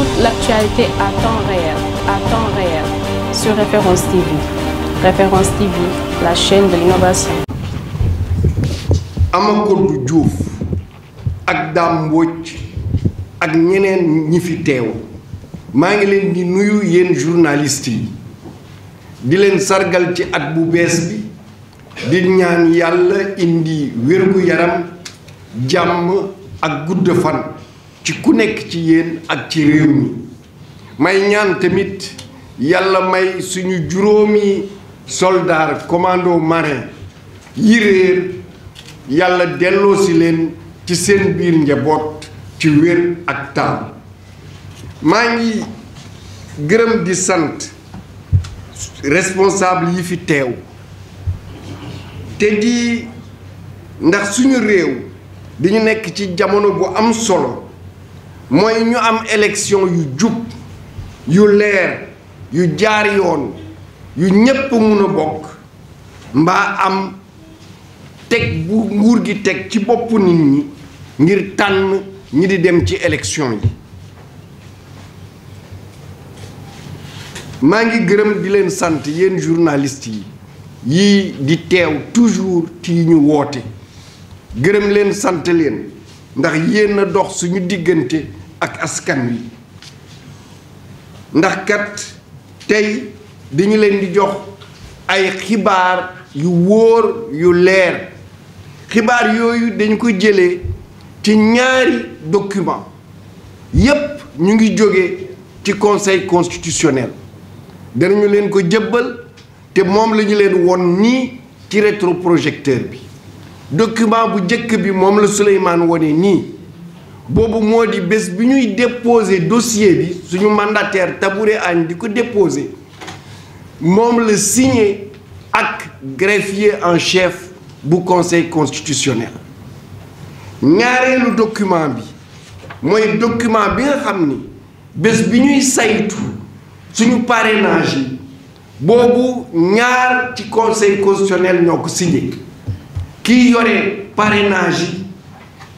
toute l'actualité à temps réel, à temps réel, sur Référence TV. Référence TV, la chaîne de l'innovation. Amakou djouf ak Dame Mbodj ak ñeneen ñi Yen teew maa ngi leen di nuyu journalistes indi wér yaram Djam ak fan ci ku nekk ci yéen ak ci réew mi may ñaan tamit yàlla may suñu juróomi soldaar commando marin yi réer yàlla delloosi leen ci seen biir njaboot ci wér ak taal maa ngi gërëm di sant responsable yi fi teew te di ndax suñu réew dañu nekk ci jamono bu am solo Mwen yon yon am eleksyon yon djouk, yon lèr, yon djar yon, yon nyep pou moun bok, mba am tek mwur ki tek kipopou nin ni, nir tan nou, nididem ti eleksyon yon. Mwen yon grem bilen sante, yon jurnalist yon, yon ditew toujou ti yon wote. Grem len sante len, mdak yon nadok sou yon digente, ak askan wi ndax kat tey dañu leen di jox ay xibaar yu wóor yu leer xibaar yooyu dañ ko jëlee ci ñaari document yépp ñu ngi jóge ci conseil constitutionnel danañu leen ko jëbbal te moom lañu leen won nii ci rétroprojecteur bi document bu jëkk bi moom la Souleymane wone nii boobu moo di bés bi ñuy déposer dossier bi suñu mandataire Tabouret Agne di ko déposer moom la signe ak greffier en chef bu conseil constitutionnel ñaareelu document bi mooy document bi nga xam ni bés bi ñuy saytu suñu parrainage yi boobu ñaar ci conseil constitutionnel ñoo ko signé kii yore parrainage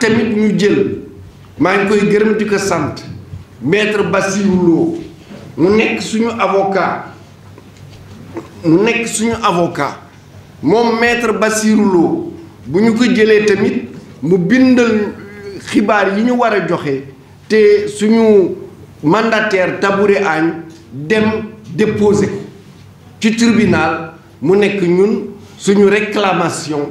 tamit ñu jël maître mu avocat mu avocat maître Basirulo, ko jëlee tamit mu bindal xibaar yi ñu te suñu mandataire Tabouré Agne dem déposer tribunal mu nekk ñun réclamation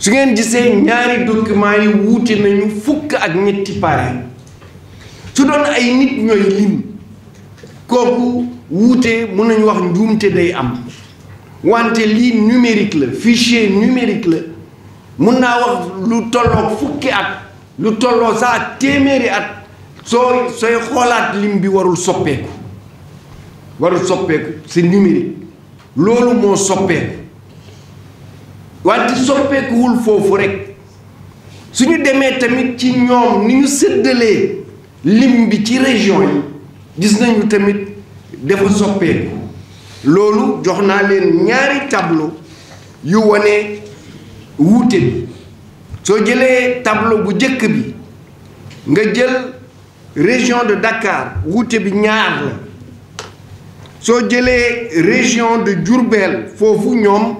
su ngeen gisee ñaari documents yi wuute nañu fukk ak ñetti parent su doon ay nit ñooy lim kooku wuute mun nañu wax njuumte day am wante lii numérique la fichier numérique la mun naa wax lu tolloog fukki at lu tolloo sa ak téeméeri at soo sooy xoolaat lim bi warul soppeeku warul soppeeku c'est numérique loolu moo soppeeku wante soppeekuwul foofu rek suñu demee tamit ci ñoom ni ñu séddalee lim bi ci région yi gis nañu tamit dafa soppeeku loolu jox naa leen ñaari tableau yu wane wuute bi soo jëlee tableau bu jëkk bi nga jël région de Dakar wuute bi ñaar la soo jëlee région de jurbeel foofu ñoom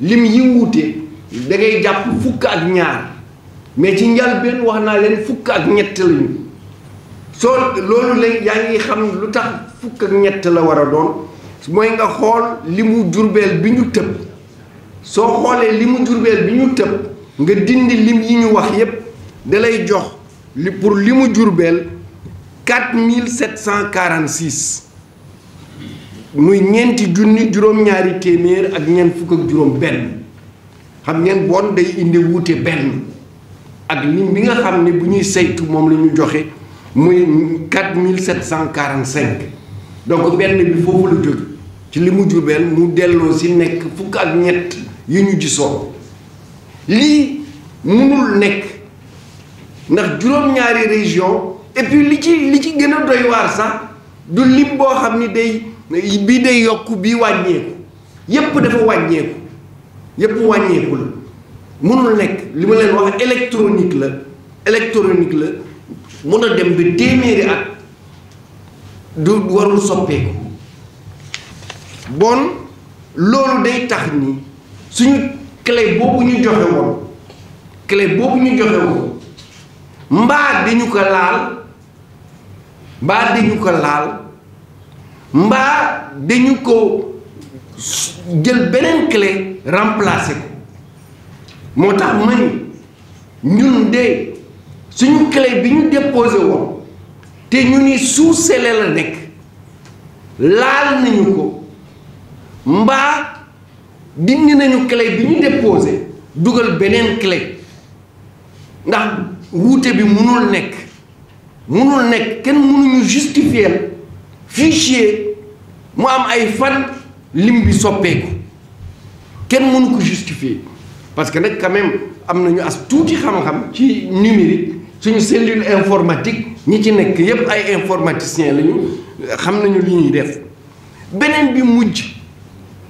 lim yi wuute dangay jàpp fukk ak ñaar mais ci njalbeen wax naa leen fukk ak ñett lañu soo loolu la yaa ngi xam lu tax fukk ak ñett la war a doon mooy nga xool li mu jurbeel bi ñu tëb soo xoolee li mu jurbeel bi ñu tëb nga dindi lim yi ñu wax yépp dalay jox li pour li mu jurbeel 4746 muy ñeenti junni juróom-ñaari téeméer ak ñeent fukk ak juróom benn xam ngeen bon day indi wuute benn ak lim bi nga xam ne bu ñuy saytu moom la ñu joxe muy 4745 donc benn bi foofu la jóge ci li mu jur mu delloo si nekk fukk ak ñett yu ñu gisoon lii munul nekk ndax juróom-ñaari région et li ci li ci gën a doy sax du lim boo xam ni day bii day yokk bi wàññeeku yépp dafa wàññeeku yépp wàññeeku la mënul nekk li ma leen wax électronique la électronique la mun a dem bi téeméeri at du warul soppeeku bon loolu day tax ni suñu clé boobu ñu joxe woon clé boobu ñu joxe woon mbaa dañu ko laal mbaa dañu ko laal mbaa dañu ko jël beneen clé remplacer ko moo tax ma ni ñun de suñu clé bi ñu déposé woon te ñu ni sous scellé la nekk laal nañu ko mbaa dindi nañu clé bi ñu déposé dugal beneen clé ndax wuute bi mënul nekk mënul nekk kenn mënuñu justifier fichier mo am ay fan lim bi ko ken mënu ko justifier parce que nak quand même am nañu as touti xam-xam ci numérique suñu cellule informatique ñi ci nekk yépp ay informaticien lañu xam nañu li ñuy def benen bi mujj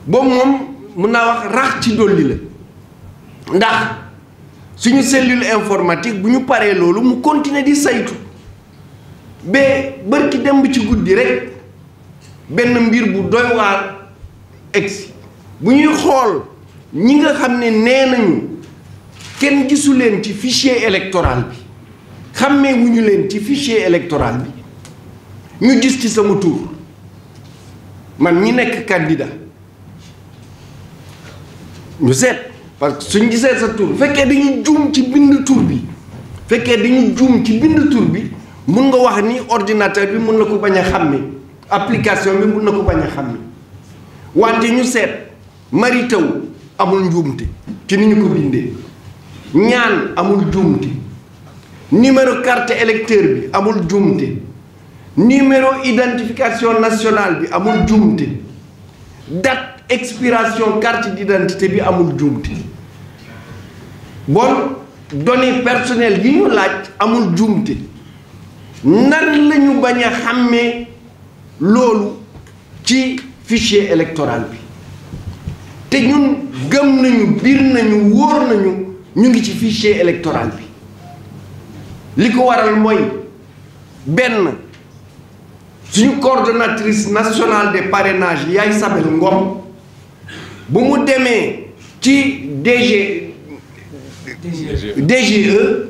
bo mom mëna wax rax ci dolli la ndax suñu cellule informatique bu ñu paree loolu mu continuer di saytu ba bërki demb ci guddi rek benn mbir bu doy waar egsi bu ñuy xool ñi nga xam ne nee nañu kenn gisu leen ci fichier électoral bi xàmmee wu ñu leen ci fishier électoral bi ñu gis ci sama tur man ñi nekk candidat ñu seet parce suñ gisee sa tur fekkee dañu juum ci bind tur bi fekkee dañu juum ci bind tuur bi mun nga wax ni ordinateur bi mun na ko bañ a xàmme application bi mun na ko bañ a xàmme wante ñu seet mari taw amul njuumte ci ni ñu ko bindee ñaan amul njuumte numéro carte électeur bi amul njuumte numéro identification nationale bi amul njuumte date expiration carte d'identité bi amul njuumte bon données personnelles yi ñu laaj amul njuumte nan lañu bañ a xàmmee loolu ci fichier électoral bi te ñun gëm nañu biir nañu wóor nañu ñu ngi ci fichier électoral bi li ko waral mooy benn suñu coordonnatrice nationale des parrainages Yaye Sabel Ngom bu mu demee ci DG DGE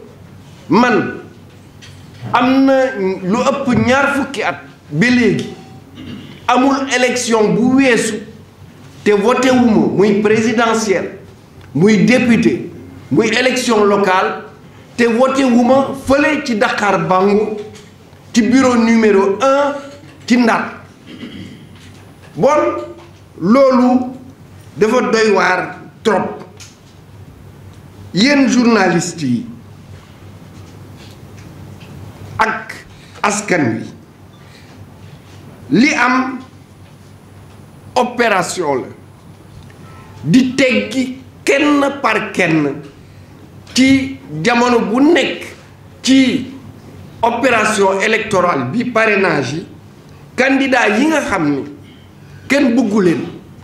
Man, amnen lo ap nyar fukyat belegi amoul eleksyon bouye sou te vote woumou mouy prezidansyen mouy depite, mouy eleksyon lokal te vote woumou folay ti Dakar Bangou ti bureau numero 1 ti Nat Bon, loulou devote doywar trop Yen jurnalisti ak askan wi li am opération la di teggi kenn par kenn ci jamono bu nek ci opération électorale bi parrainage candidat yi nga xamni kenn bugulen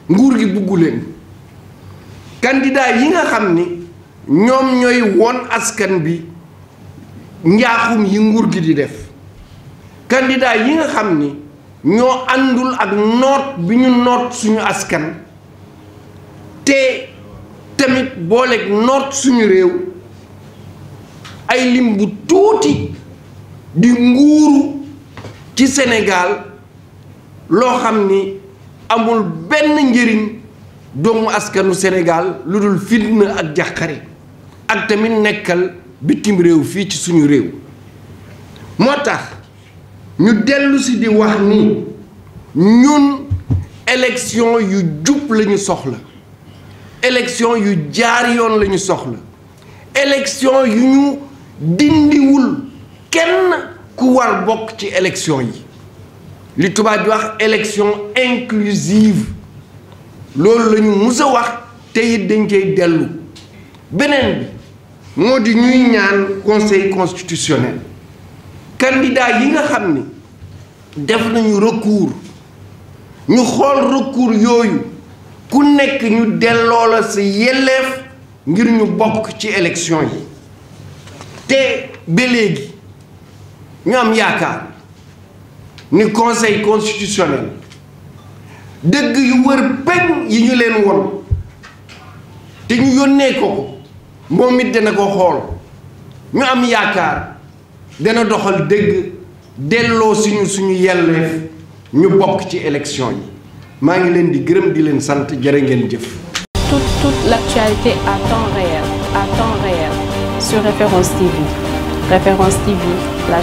nguur gi bugulen candidat yi nga xamni ñom ñoy won askan bi njaaxum yi nguur gi di def candidat yi nga xam ni ñoo àndul ak noot bi ñu noot suñu askan te tamit booleeg noot suñu réew ay lim bu tuuti di nguuru ci senegaal loo xam ni amul benn njëriñ doomu askanu senegaal lu dul fitna ak jàqare ak tamit nekkal bitim réew fii ci suñu réew moo tax ñu dellu si di wax ni ñun élection yu jub lañu soxla élection yu jaar yoon la ñu soxla élection yu ñu dindiwul kenn ku war bokk ci élection yi li tubaab di wax élection inclusive loolu lañu ñu mus a wax te it dañ koy dellu beneen bi moo di ñuy ñaan conseil constitutionnel candidat yi nga xam ni def nañu recours ñu xool recours yooyu ku nekk ñu delloo la sa yelleef ngir ñu bokk ci élection yi te ba léegi ñu am yaakaar ni conseil constitutionnel dëgg yu wër peñ yi ñu leen won te ñu yónnee ko. moom it dana ko xol ñu am yaakaar dana doxal dëgg delloo suñu suñu yelleef ñu bok ci élection yi ma ngi leen di gërëm di leen sant jërë ngeen jëf. toute toute l'actualité à temps réel à temps réel sur Référence TV Référence TV la